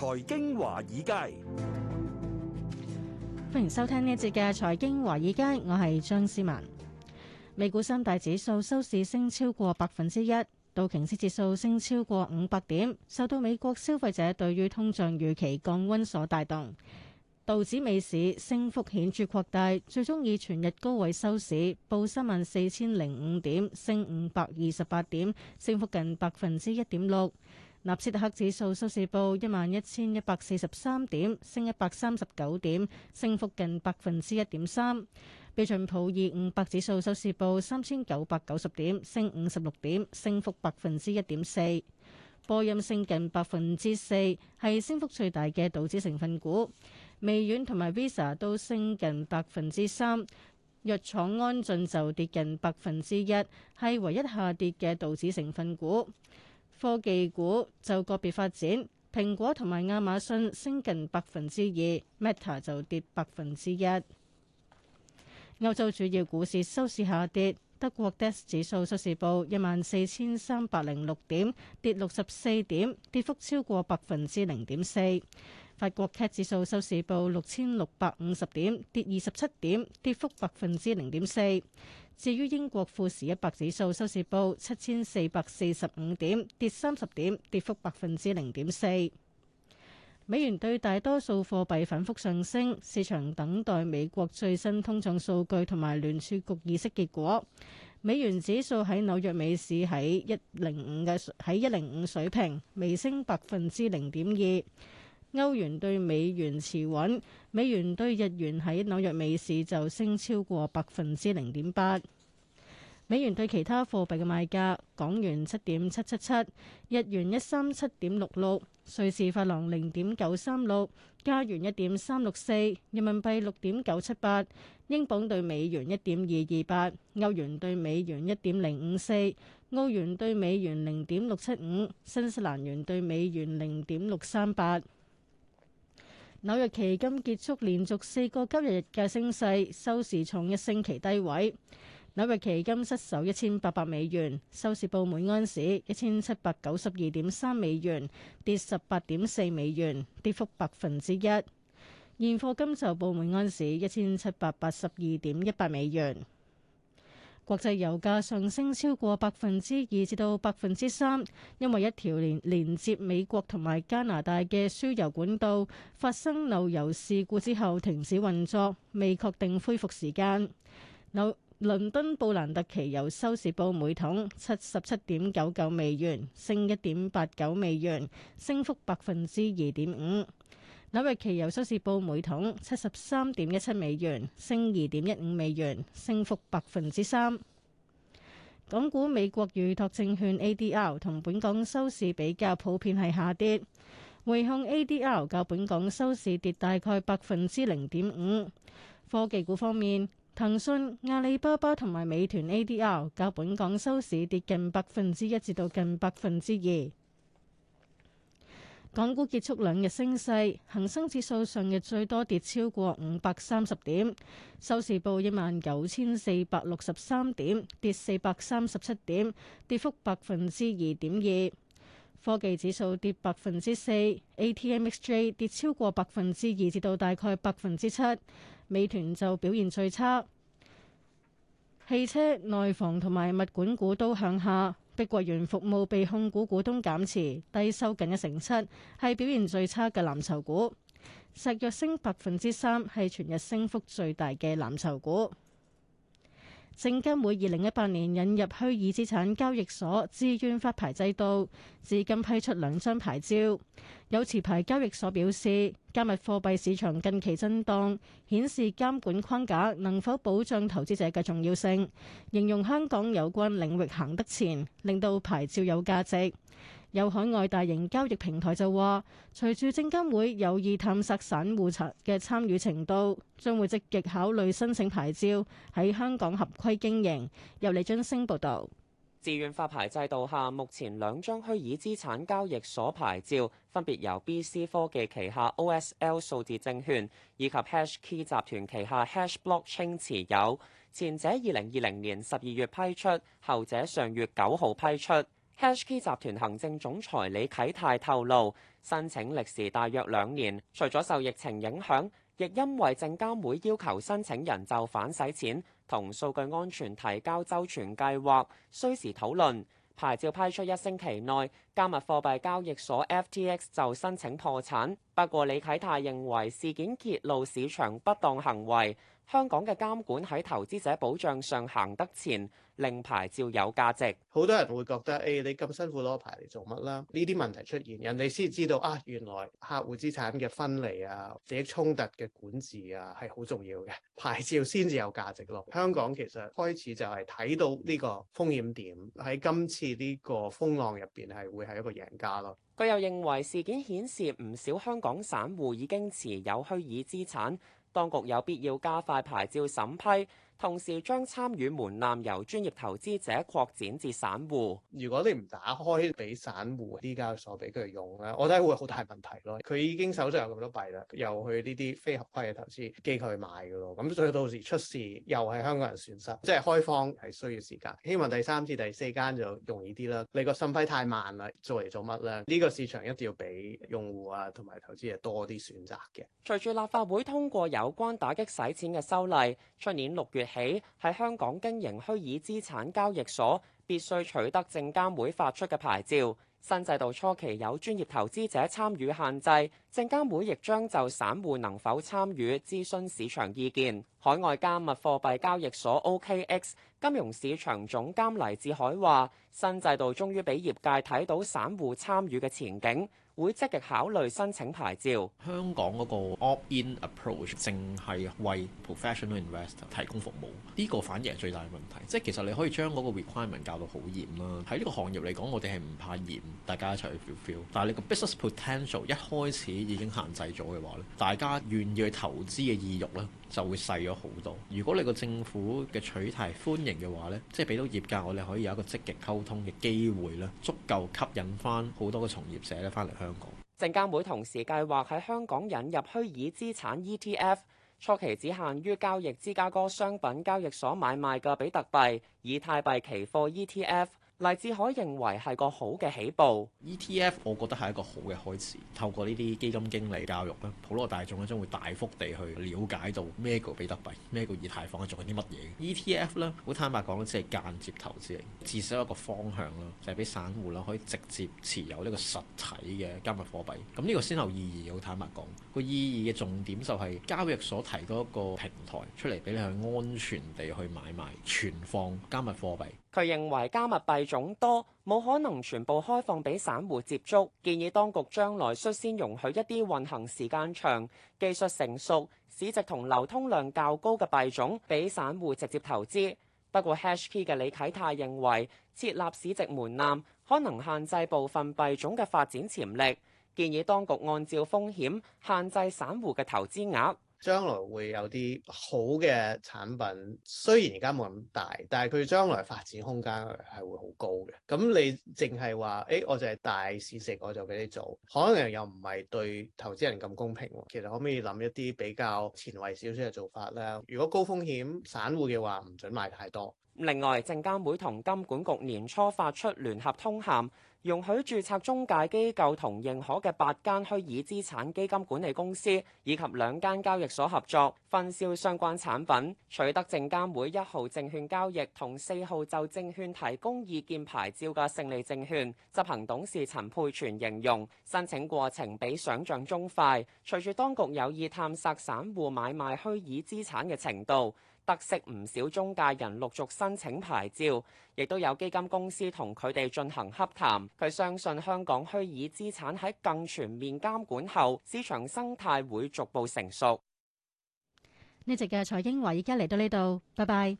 財經華爾街，歡迎收聽呢一節嘅財經華爾街，我係張思文。美股三大指數收市升超過百分之一，道瓊斯指數升超過五百點，受到美國消費者對於通脹預期降溫所帶動。道指美市升幅顯著擴大，最終以全日高位收市，報三萬四千零五點，升五百二十八點，升幅近百分之一點六。納斯達克指數收市報一萬一千一百四十三點，升一百三十九點，升幅近百分之一點三。標準普爾五百指數收市報三千九百九十點，升五十六點，升幅百分之一點四。波音升近百分之四，係升幅最大嘅道指成分股。微軟同埋 Visa 都升近百分之三，藥廠安進就跌近百分之一，係唯一下跌嘅道指成分股。科技股就個別發展，蘋果同埋亞馬遜升近百分之二，Meta 就跌百分之一。歐洲主要股市收市下跌，德國 DAX 指數收市報一萬四千三百零六點，跌六十四點，跌幅超過百分之零點四。法國 CAC 指數收市報六千六百五十點，跌二十七點，跌幅百分之零點四。至於英國富時一百指數收市報七千四百四十五點，跌三十點，跌幅百分之零點四。美元對大多數貨幣反覆上升，市場等待美國最新通脹數據同埋聯儲局議息結果。美元指數喺紐約美市喺一零五嘅喺一零五水平微升百分之零點二。歐元對美元持穩，美元對日元喺紐約美市就升超過百分之零點八。美元對其他貨幣嘅賣價：港元七點七七七，日元一三七點六六，瑞士法郎零點九三六，加元一點三六四，人民幣六點九七八，英鎊對美元一點二二八，歐元對美元一點零五四，澳元對美元零點六七五，新西蘭元對美元零點六三八。紐約期金結束連續四個交易日嘅升勢，收市創一星期低位。紐約期金失守一千八百美元，收市報每安士一千七百九十二點三美元，跌十八點四美元，跌幅百分之一。現貨金就報每安士一千七百八十二點一百美元。國際油價上升超過百分之二至到百分之三，因為一條連連接美國同埋加拿大嘅輸油管道發生漏油事故之後停止運作，未確定恢復時間。紐倫敦布蘭特期油收市報每桶七十七點九九美元，升一點八九美元，升幅百分之二點五。紐約期油收市報每桶七十三點一七美元，升二點一五美元，升幅百分之三。港股美國預託證券 ADR 同本港收市比較普遍係下跌，匯控 ADR 較本港收市跌大概百分之零點五。科技股方面，騰訊、阿里巴巴同埋美團 ADR 較本港收市跌近百分之一至到近百分之二。港股結束兩日升勢，恒生指數上日最多跌超過五百三十點，收市報一萬九千四百六十三點，跌四百三十七點，跌幅百分之二點二。科技指數跌百分之四，ATMXJ 跌超過百分之二，至到大概百分之七。美團就表現最差，汽車、內房同埋物管股都向下。碧桂園服務被控股股東減持，低收近一成七，係表現最差嘅藍籌股。石藥升百分之三，係全日升幅最大嘅藍籌股。證監會二零一八年引入虛擬資產交易所自願發牌制度，至今批出兩張牌照。有持牌交易所表示，加密貨幣市場近期震盪，顯示監管框架能否保障投資者嘅重要性。形容香港有關領域行得前，令到牌照有價值。有海外大型交易平台就話，隨住證監會有意探索散戶嘅參與程度，將會積極考慮申請牌照喺香港合規經營。由李津升報導。自願發牌制度下，目前兩張虛擬資產交易所牌照分別由 BC 科技旗下 OSL 數字證券以及 HashKey 集團旗下 HashBlockchain 持有。前者二零二零年十二月批出，後者上月九號批出。HK 集團行政總裁李啟泰透露，申請歷時大約兩年，除咗受疫情影響，亦因為證監會要求申請人就反洗錢同數據安全提交周全計劃，需時討論。牌照批出一星期內，加密貨幣交易所 FTX 就申請破產，不過李啟泰認為事件揭露市場不當行為。香港嘅監管喺投資者保障上行得前，令牌照有價值。好多人會覺得誒、哎，你咁辛苦攞牌嚟做乜啦？呢啲問題出現，人哋先知道啊，原來客戶資產嘅分離啊，利益衝突嘅管治啊，係好重要嘅，牌照先至有價值咯。香港其實開始就係睇到呢個風險點，喺今次呢個風浪入邊係會係一個贏家咯。佢又認為事件顯示唔少香港散戶已經持有虛擬資產。當局有必要加快牌照審批。同時將參與門檻由專業投資者擴展至散戶。如果你唔打開俾散戶依家所俾佢用咧，我覺得會好大問題咯。佢已經手上有咁多幣啦，又去呢啲非合規嘅投資機構去買噶咯。咁所以到時出事又係香港人損失。即係開放係需要時間，希望第三至第四間就容易啲啦。你個審批太慢啦，做嚟做乜咧？呢個市場一定要俾用戶啊同埋投資者多啲選擇嘅。隨住立法會通過有關打擊洗錢嘅修例，出年六月。起喺香港經營虛擬資產交易所，必須取得證監會發出嘅牌照。新制度初期有專業投資者參與限制。證監會亦將就散戶能否參與諮詢市場意見。海外加密貨幣交易所 OKX 金融市場總監黎智海話：新制度終於俾業界睇到散戶參與嘅前景，會積極考慮申請牌照。香港嗰個 opt-in approach，淨係為 professional investor 提供服務，呢個反而係最大嘅問題。即係其實你可以將嗰個 requirement 教到好嚴啦。喺呢個行業嚟講，我哋係唔怕嚴，大家一齊去 feel feel。但係你個 business potential 一開始已經限制咗嘅話咧，大家願意去投資嘅意欲咧就會細咗好多。如果你個政府嘅取態歡迎嘅話咧，即係俾到業界我哋可以有一個積極溝通嘅機會咧，足夠吸引翻好多個從業者咧翻嚟香港。證監會同時計劃喺香港引入虛擬資產 ETF，初期只限於交易芝加哥商品交易所買賣嘅比特幣、以太幣期貨 ETF。黎志海認為係個好嘅起步，ETF 我覺得係一個好嘅開始。透過呢啲基金經理教育咧，普羅大眾咧將會大幅地去了解到咩叫比特幣，咩叫以太坊，做緊啲乜嘢。ETF 咧好坦白講，只係間接投資嚟，至少有個方向咯，就係俾散戶啦可以直接持有呢個實體嘅加密貨幣。咁呢個先後意義，好坦白講，個意義嘅重點就係交易所提供一個平台出嚟俾你去安全地去買賣存放加密貨幣。佢認為加密幣種多，冇可能全部開放俾散戶接觸，建議當局將來率先容許一啲運行時間長、技術成熟、市值同流通量較高嘅幣種俾散戶直接投資。不過，HashKey 嘅李啟泰認為設立市值門檻可能限制部分幣種嘅發展潛力，建議當局按照風險限制散戶嘅投資額。將來會有啲好嘅產品，雖然而家冇咁大，但係佢將來發展空間係會好高嘅。咁你淨係話，誒、哎，我就係大市食，我就俾你做，可能又唔係對投資人咁公平。其實可唔可以諗一啲比較前衞少少嘅做法咧？如果高風險散戶嘅話，唔准賣太多。另外，證監會同金管局年初發出聯合通函。容許註冊中介機構同認可嘅八間虛擬資產基金管理公司以及兩間交易所合作，分銷相關產品。取得證監會一號證券交易同四號就證券提供意見牌照嘅勝利證券執行董事陳佩全形容，申請過程比想像中快。隨住當局有意探索散戶買賣虛擬資產嘅程度。特色唔少，中介人陸續申請牌照，亦都有基金公司同佢哋進行洽談，佢相信香港虛擬資產喺更全面監管後，市場生態會逐步成熟。呢集嘅財經華爾街，而家嚟到呢度，拜拜。